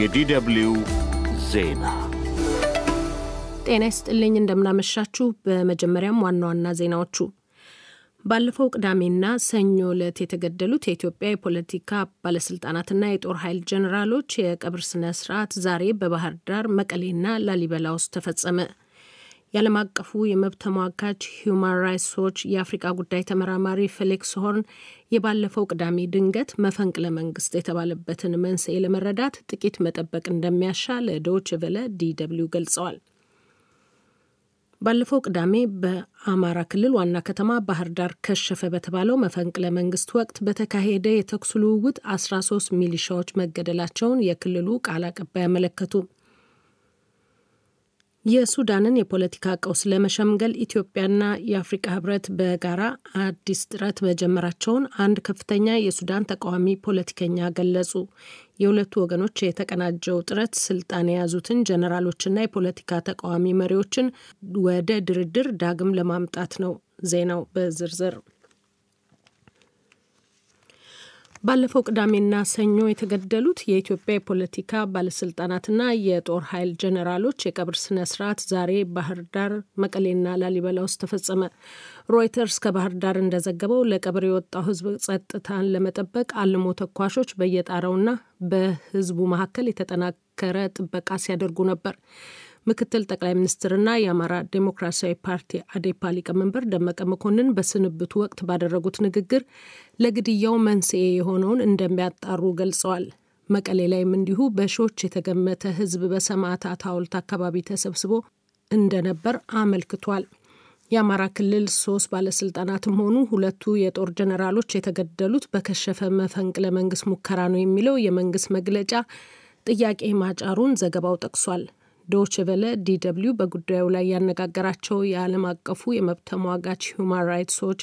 የዲደብልዩ ዜና ጤና ይስጥልኝ። እንደምናመሻችሁ። በመጀመሪያም ዋና ዋና ዜናዎቹ ባለፈው ቅዳሜና ሰኞ ዕለት የተገደሉት የኢትዮጵያ የፖለቲካ ባለስልጣናትና የጦር ኃይል ጀኔራሎች የቀብር ስነ ስርዓት ዛሬ በባህር ዳር፣ መቀሌና ላሊበላ ውስጥ ተፈጸመ። የዓለም አቀፉ የመብት ተሟጋች ሂዩማን ራይትስ ዎች የአፍሪቃ ጉዳይ ተመራማሪ ፌሊክስ ሆርን የባለፈው ቅዳሜ ድንገት መፈንቅለ መንግስት የተባለበትን መንስኤ ለመረዳት ጥቂት መጠበቅ እንደሚያሻ ለዶች ቨለ ዲደብልዩ ገልጸዋል። ባለፈው ቅዳሜ በአማራ ክልል ዋና ከተማ ባህር ዳር ከሸፈ በተባለው መፈንቅለ መንግስት ወቅት በተካሄደ የተኩስ ልውውጥ 13 ሚሊሻዎች መገደላቸውን የክልሉ ቃል አቀባይ አመለከቱ። የሱዳንን የፖለቲካ ቀውስ ለመሸምገል ኢትዮጵያና የአፍሪካ ህብረት በጋራ አዲስ ጥረት መጀመራቸውን አንድ ከፍተኛ የሱዳን ተቃዋሚ ፖለቲከኛ ገለጹ። የሁለቱ ወገኖች የተቀናጀው ጥረት ስልጣን የያዙትን ጀነራሎችና የፖለቲካ ተቃዋሚ መሪዎችን ወደ ድርድር ዳግም ለማምጣት ነው። ዜናው በዝርዝር ባለፈው ቅዳሜና ሰኞ የተገደሉት የኢትዮጵያ የፖለቲካ ባለስልጣናትና የጦር ኃይል ጀኔራሎች የቀብር ስነ ስርዓት ዛሬ ባህር ዳር፣ መቀሌና ላሊበላ ውስጥ ተፈጸመ። ሮይተርስ ከባህር ዳር እንደዘገበው ለቀብር የወጣው ህዝብ ጸጥታን ለመጠበቅ አልሞ ተኳሾች በየጣራውና በህዝቡ መካከል የተጠናከረ ጥበቃ ሲያደርጉ ነበር። ምክትል ጠቅላይ ሚኒስትርና የአማራ ዴሞክራሲያዊ ፓርቲ አዴፓ ሊቀመንበር ደመቀ መኮንን በስንብቱ ወቅት ባደረጉት ንግግር ለግድያው መንስኤ የሆነውን እንደሚያጣሩ ገልጸዋል። መቀሌ ላይም እንዲሁ በሺዎች የተገመተ ሕዝብ በሰማዕታት ሐውልት አካባቢ ተሰብስቦ እንደነበር አመልክቷል። የአማራ ክልል ሶስት ባለስልጣናትም ሆኑ ሁለቱ የጦር ጀነራሎች የተገደሉት በከሸፈ መፈንቅለ መንግስት ሙከራ ነው የሚለው የመንግስት መግለጫ ጥያቄ ማጫሩን ዘገባው ጠቅሷል። ዶች ቨለ ዲደብሊው በጉዳዩ ላይ ያነጋገራቸው የዓለም አቀፉ የመብት ተሟጋች ሁማን ራይትስ ዎች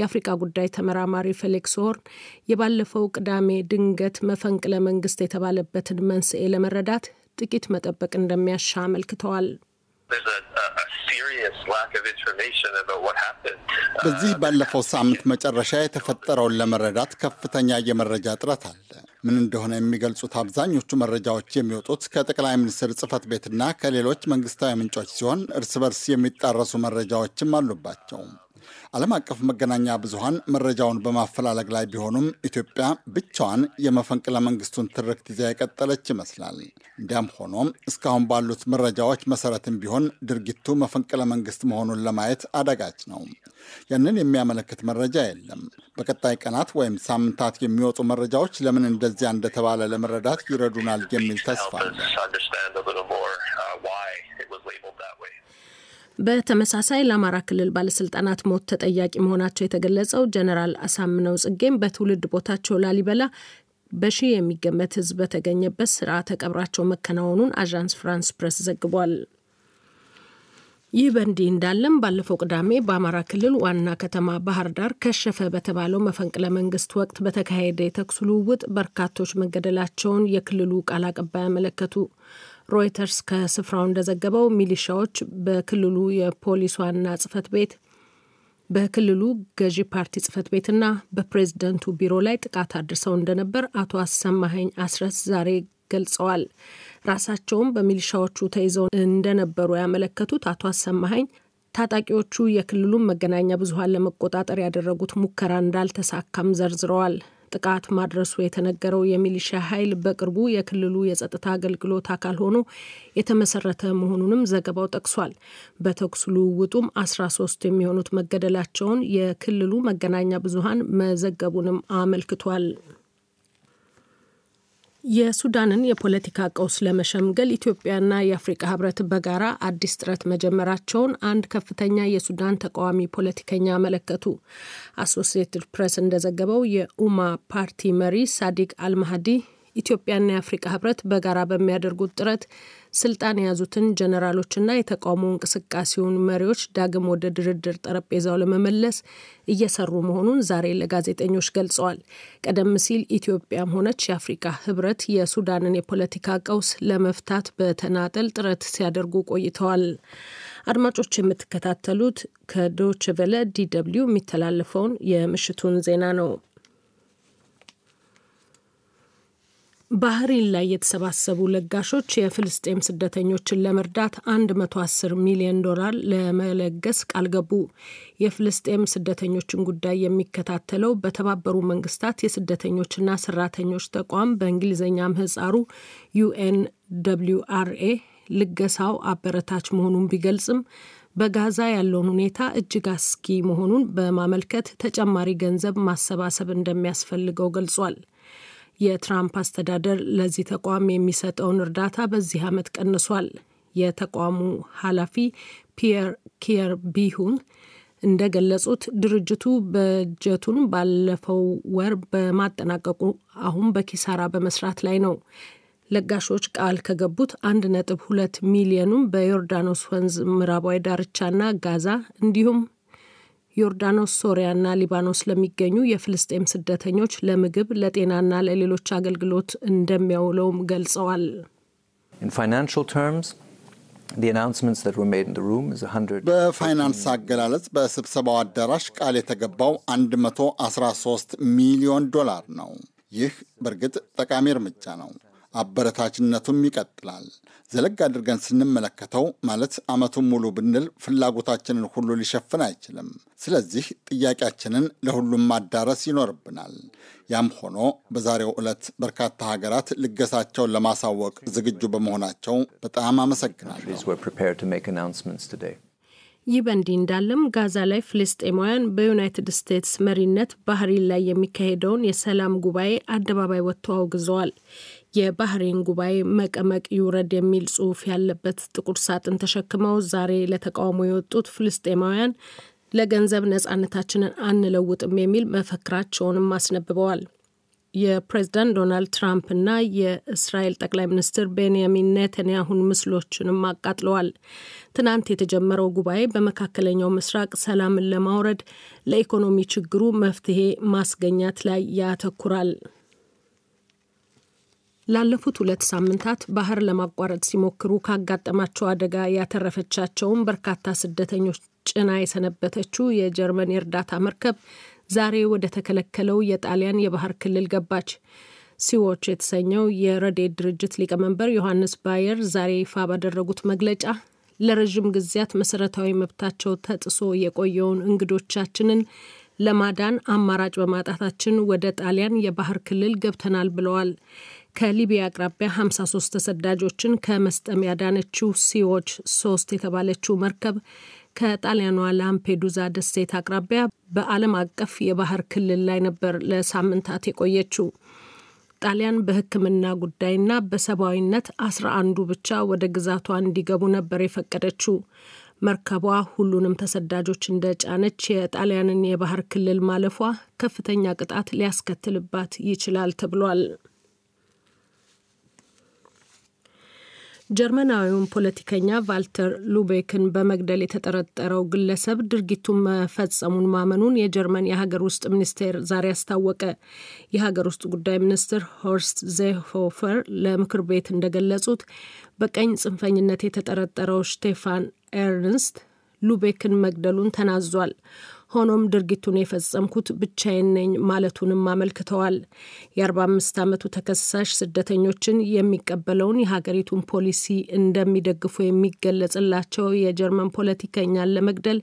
የአፍሪካ ጉዳይ ተመራማሪ ፌሊክስ ሆርን የባለፈው ቅዳሜ ድንገት መፈንቅለ መንግስት የተባለበትን መንስኤ ለመረዳት ጥቂት መጠበቅ እንደሚያሻ አመልክተዋል። በዚህ uh, ባለፈው ሳምንት መጨረሻ የተፈጠረውን ለመረዳት ከፍተኛ የመረጃ እጥረት አለ። ምን እንደሆነ የሚገልጹት አብዛኞቹ መረጃዎች የሚወጡት ከጠቅላይ ሚኒስትር ጽህፈት ቤትና ከሌሎች መንግስታዊ ምንጮች ሲሆን እርስ በርስ የሚጣረሱ መረጃዎችም አሉባቸው። ዓለም አቀፍ መገናኛ ብዙሃን መረጃውን በማፈላለግ ላይ ቢሆኑም ኢትዮጵያ ብቻዋን የመፈንቅለ መንግስቱን ትርክት ይዛ የቀጠለች ይመስላል። እንዲያም ሆኖ እስካሁን ባሉት መረጃዎች መሰረትም ቢሆን ድርጊቱ መፈንቅለ መንግስት መሆኑን ለማየት አደጋች ነው። ያንን የሚያመለክት መረጃ የለም። በቀጣይ ቀናት ወይም ሳምንታት የሚወጡ መረጃዎች ለምን እንደዚያ እንደተባለ ለመረዳት ይረዱናል የሚል ተስፋ በተመሳሳይ ለአማራ ክልል ባለስልጣናት ሞት ተጠያቂ መሆናቸው የተገለጸው ጀነራል አሳምነው ጽጌም በትውልድ ቦታቸው ላሊበላ በሺ የሚገመት ህዝብ በተገኘበት ስርዓተ ቀብራቸው መከናወኑን አዣንስ ፍራንስ ፕሬስ ዘግቧል። ይህ በእንዲህ እንዳለም ባለፈው ቅዳሜ በአማራ ክልል ዋና ከተማ ባህር ዳር ከሸፈ በተባለው መፈንቅለ መንግስት ወቅት በተካሄደ የተኩስ ልውውጥ በርካቶች መገደላቸውን የክልሉ ቃል አቀባይ አመለከቱ። ሮይተርስ ከስፍራው እንደዘገበው ሚሊሻዎች በክልሉ የፖሊስ ዋና ጽፈት ቤት በክልሉ ገዢ ፓርቲ ጽፈት ቤትና በፕሬዝደንቱ ቢሮ ላይ ጥቃት አድርሰው እንደነበር አቶ አሰማኸኝ አስረስ ዛሬ ገልጸዋል። ራሳቸውም በሚሊሻዎቹ ተይዘው እንደነበሩ ያመለከቱት አቶ አሰማኸኝ ታጣቂዎቹ የክልሉን መገናኛ ብዙኃን ለመቆጣጠር ያደረጉት ሙከራ እንዳልተሳካም ዘርዝረዋል። ጥቃት ማድረሱ የተነገረው የሚሊሻ ኃይል በቅርቡ የክልሉ የጸጥታ አገልግሎት አካል ሆኖ የተመሰረተ መሆኑንም ዘገባው ጠቅሷል። በተኩስ ልውውጡም 13 የሚሆኑት መገደላቸውን የክልሉ መገናኛ ብዙሃን መዘገቡንም አመልክቷል። የሱዳንን የፖለቲካ ቀውስ ለመሸምገል ኢትዮጵያና የአፍሪቃ ህብረት በጋራ አዲስ ጥረት መጀመራቸውን አንድ ከፍተኛ የሱዳን ተቃዋሚ ፖለቲከኛ አመለከቱ። አሶሲየትድ ፕሬስ እንደዘገበው የኡማ ፓርቲ መሪ ሳዲቅ አልማሃዲ ኢትዮጵያና የአፍሪቃ ህብረት በጋራ በሚያደርጉት ጥረት ስልጣን የያዙትን ጀነራሎችና የተቃውሞ እንቅስቃሴውን መሪዎች ዳግም ወደ ድርድር ጠረጴዛው ለመመለስ እየሰሩ መሆኑን ዛሬ ለጋዜጠኞች ገልጸዋል። ቀደም ሲል ኢትዮጵያም ሆነች የአፍሪካ ህብረት የሱዳንን የፖለቲካ ቀውስ ለመፍታት በተናጠል ጥረት ሲያደርጉ ቆይተዋል። አድማጮች የምትከታተሉት ከዶችቨለ ዲ ደብልዩ የሚተላለፈውን የምሽቱን ዜና ነው። ባህሪን ላይ የተሰባሰቡ ለጋሾች የፍልስጤም ስደተኞችን ለመርዳት 110 ሚሊዮን ዶላር ለመለገስ ቃል ገቡ። የፍልስጤም ስደተኞችን ጉዳይ የሚከታተለው በተባበሩ መንግስታት የስደተኞችና ሰራተኞች ተቋም በእንግሊዝኛ ምህጻሩ ዩኤን ደብልዩ ኤ ልገሳው አበረታች መሆኑን ቢገልጽም በጋዛ ያለውን ሁኔታ እጅግ አስጊ መሆኑን በማመልከት ተጨማሪ ገንዘብ ማሰባሰብ እንደሚያስፈልገው ገልጿል። የትራምፕ አስተዳደር ለዚህ ተቋም የሚሰጠውን እርዳታ በዚህ ዓመት ቀንሷል። የተቋሙ ኃላፊ ፒየር ኪየር ቢሁን እንደገለጹት ድርጅቱ በጀቱን ባለፈው ወር በማጠናቀቁ አሁን በኪሳራ በመስራት ላይ ነው። ለጋሾች ቃል ከገቡት አንድ ነጥብ ሁለት ሚሊዮኑም በዮርዳኖስ ወንዝ ምዕራባዊ ዳርቻና ጋዛ እንዲሁም ዮርዳኖስ፣ ሶሪያና ሊባኖስ ለሚገኙ የፍልስጤም ስደተኞች ለምግብ፣ ለጤናና ለሌሎች አገልግሎት እንደሚያውለውም ገልጸዋል። በፋይናንስ አገላለጽ በስብሰባው አዳራሽ ቃል የተገባው 113 ሚሊዮን ዶላር ነው። ይህ በእርግጥ ጠቃሚ እርምጃ ነው። አበረታችነቱም ይቀጥላል። ዘለግ አድርገን ስንመለከተው ማለት ዓመቱን ሙሉ ብንል ፍላጎታችንን ሁሉ ሊሸፍን አይችልም። ስለዚህ ጥያቄያችንን ለሁሉም ማዳረስ ይኖርብናል። ያም ሆኖ በዛሬው ዕለት በርካታ ሀገራት ልገሳቸውን ለማሳወቅ ዝግጁ በመሆናቸው በጣም አመሰግናለሁ። ይህ በእንዲህ እንዳለም ጋዛ ላይ ፍልስጤማውያን በዩናይትድ ስቴትስ መሪነት ባህሪን ላይ የሚካሄደውን የሰላም ጉባኤ አደባባይ ወጥተው አውግዘዋል። የባህሬን ጉባኤ መቀመቅ ይውረድ የሚል ጽሑፍ ያለበት ጥቁር ሳጥን ተሸክመው ዛሬ ለተቃውሞ የወጡት ፍልስጤማውያን ለገንዘብ ነፃነታችንን አንለውጥም የሚል መፈክራቸውንም አስነብበዋል። የፕሬዝዳንት ዶናልድ ትራምፕ እና የእስራኤል ጠቅላይ ሚኒስትር ቤንያሚን ኔተንያሁን ምስሎችንም አቃጥለዋል። ትናንት የተጀመረው ጉባኤ በመካከለኛው ምስራቅ ሰላምን ለማውረድ ለኢኮኖሚ ችግሩ መፍትሄ ማስገኛት ላይ ያተኩራል። ላለፉት ሁለት ሳምንታት ባህር ለማቋረጥ ሲሞክሩ ካጋጠማቸው አደጋ ያተረፈቻቸውን በርካታ ስደተኞች ጭና የሰነበተችው የጀርመን የእርዳታ መርከብ ዛሬ ወደ ተከለከለው የጣሊያን የባህር ክልል ገባች። ሲዎች የተሰኘው የረዴድ ድርጅት ሊቀመንበር ዮሐንስ ባየር ዛሬ ይፋ ባደረጉት መግለጫ ለረዥም ጊዜያት መሰረታዊ መብታቸው ተጥሶ የቆየውን እንግዶቻችንን ለማዳን አማራጭ በማጣታችን ወደ ጣሊያን የባህር ክልል ገብተናል ብለዋል። ከሊቢያ አቅራቢያ 53 ተሰዳጆችን ከመስጠም ያዳነችው ሲዎች ሶስት የተባለችው መርከብ ከጣሊያኗ ላምፔዱዛ ደሴት አቅራቢያ በዓለም አቀፍ የባህር ክልል ላይ ነበር ለሳምንታት የቆየችው። ጣሊያን በሕክምና ጉዳይና በሰብአዊነት አስራ አንዱ ብቻ ወደ ግዛቷ እንዲገቡ ነበር የፈቀደችው። መርከቧ ሁሉንም ተሰዳጆች እንደጫነች የጣሊያንን የባህር ክልል ማለፏ ከፍተኛ ቅጣት ሊያስከትልባት ይችላል ተብሏል። ጀርመናዊውን ፖለቲከኛ ቫልተር ሉቤክን በመግደል የተጠረጠረው ግለሰብ ድርጊቱን መፈጸሙን ማመኑን የጀርመን የሀገር ውስጥ ሚኒስቴር ዛሬ አስታወቀ። የሀገር ውስጥ ጉዳይ ሚኒስትር ሆርስት ዜሆፈር ለምክር ቤት እንደገለጹት በቀኝ ጽንፈኝነት የተጠረጠረው ሽቴፋን ኤርንስት ሉቤክን መግደሉን ተናዟል። ሆኖም ድርጊቱን የፈጸምኩት ብቻዬን ነኝ ማለቱንም አመልክተዋል። የ45 ዓመቱ ተከሳሽ ስደተኞችን የሚቀበለውን የሀገሪቱን ፖሊሲ እንደሚደግፉ የሚገለጽላቸው የጀርመን ፖለቲከኛን ለመግደል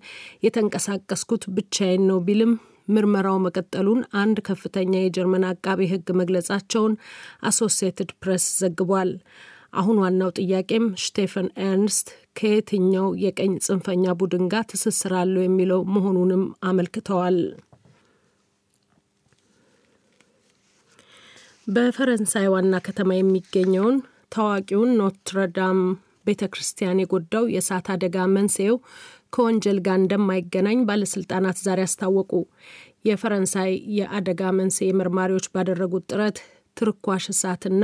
የተንቀሳቀስኩት ብቻዬን ነው ቢልም ምርመራው መቀጠሉን አንድ ከፍተኛ የጀርመን አቃቤ ሕግ መግለጻቸውን አሶሲየትድ ፕሬስ ዘግቧል። አሁን ዋናው ጥያቄም ሽቴፈን ኤርንስት ከየትኛው የቀኝ ጽንፈኛ ቡድን ጋር ትስስር አለው የሚለው መሆኑንም አመልክተዋል። በፈረንሳይ ዋና ከተማ የሚገኘውን ታዋቂውን ኖትረዳም ቤተ ክርስቲያን የጎዳው የእሳት አደጋ መንስኤው ከወንጀል ጋር እንደማይገናኝ ባለስልጣናት ዛሬ አስታወቁ። የፈረንሳይ የአደጋ መንስኤ መርማሪዎች ባደረጉት ጥረት ትርኳሽ እሳትና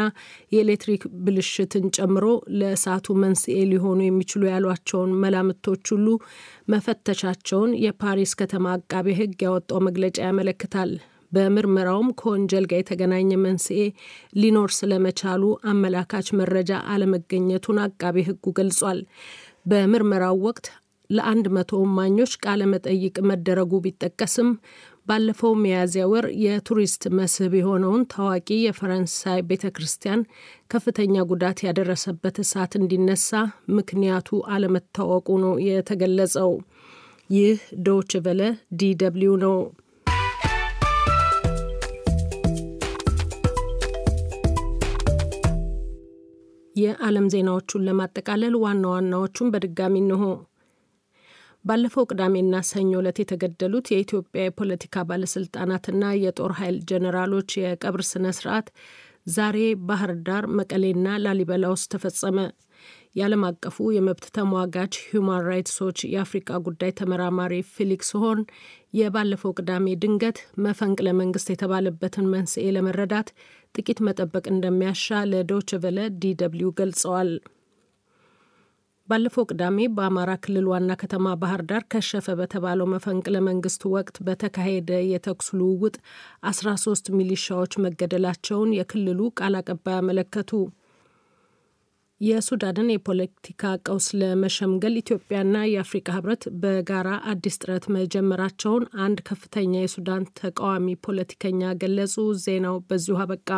የኤሌክትሪክ ብልሽትን ጨምሮ ለእሳቱ መንስኤ ሊሆኑ የሚችሉ ያሏቸውን መላምቶች ሁሉ መፈተሻቸውን የፓሪስ ከተማ አቃቤ ሕግ ያወጣው መግለጫ ያመለክታል። በምርመራውም ከወንጀል ጋር የተገናኘ መንስኤ ሊኖር ስለመቻሉ አመላካች መረጃ አለመገኘቱን አቃቤ ሕጉ ገልጿል። በምርመራው ወቅት ለአንድ መቶ እማኞች ቃለ መጠይቅ መደረጉ ቢጠቀስም ባለፈው ሚያዝያ ወር የቱሪስት መስህብ የሆነውን ታዋቂ የፈረንሳይ ቤተ ክርስቲያን ከፍተኛ ጉዳት ያደረሰበት እሳት እንዲነሳ ምክንያቱ አለመታወቁ ነው የተገለጸው። ይህ ዶች ቨለ ዲ ደብልዩ ነው። የዓለም ዜናዎቹን ለማጠቃለል ዋና ዋናዎቹን በድጋሚ እንሆ ባለፈው ቅዳሜና ሰኞ ዕለት የተገደሉት የኢትዮጵያ የፖለቲካ ባለስልጣናትና የጦር ኃይል ጀኔራሎች የቀብር ስነ ስርዓት ዛሬ ባህር ዳር፣ መቀሌና ላሊበላ ውስጥ ተፈጸመ። የዓለም አቀፉ የመብት ተሟጋች ሁማን ራይትስ ዎች የአፍሪቃ ጉዳይ ተመራማሪ ፊሊክስ ሆርን የባለፈው ቅዳሜ ድንገት መፈንቅለ መንግስት የተባለበትን መንስኤ ለመረዳት ጥቂት መጠበቅ እንደሚያሻ ለዶችቨለ ዲ ደብልዩ ገልጸዋል። ባለፈው ቅዳሜ በአማራ ክልል ዋና ከተማ ባህር ዳር ከሸፈ በተባለው መፈንቅለ መንግስት ወቅት በተካሄደ የተኩስ ልውውጥ 13 ሚሊሻዎች መገደላቸውን የክልሉ ቃል አቀባይ አመለከቱ። የሱዳንን የፖለቲካ ቀውስ ለመሸምገል ኢትዮጵያና የአፍሪካ ህብረት በጋራ አዲስ ጥረት መጀመራቸውን አንድ ከፍተኛ የሱዳን ተቃዋሚ ፖለቲከኛ ገለጹ። ዜናው በዚሁ አበቃ።